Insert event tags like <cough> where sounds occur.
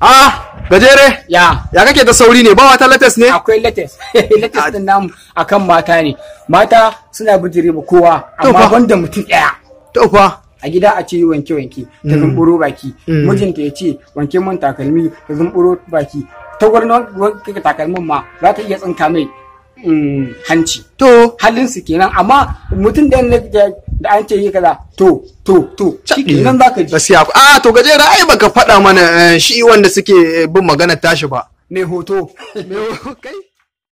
Ah, gajere? Ya. Ya kake da sauri ne, ba wata latas ne? Akwai latas. <laughs> latas din namu akan mata ne. Mata suna bijire kowa, amma banda mutum ɗaya. To fa. A gida a ce wanke wanke, ta mm. zumburo baki. Mm. Mijinta ya ce wanke mun takalmi, ta zumburo baki. Ta gwarna wanke takalmin ma za ta iya tsinka mai hanci to halin su kenan amma mutum da da an ce yi kaza to to to za ka ji gaskiya a ah, to gajera ai baka faɗa mana eh, shi wanda suke eh, bin magana tashi ba ne hoto <laughs> me kai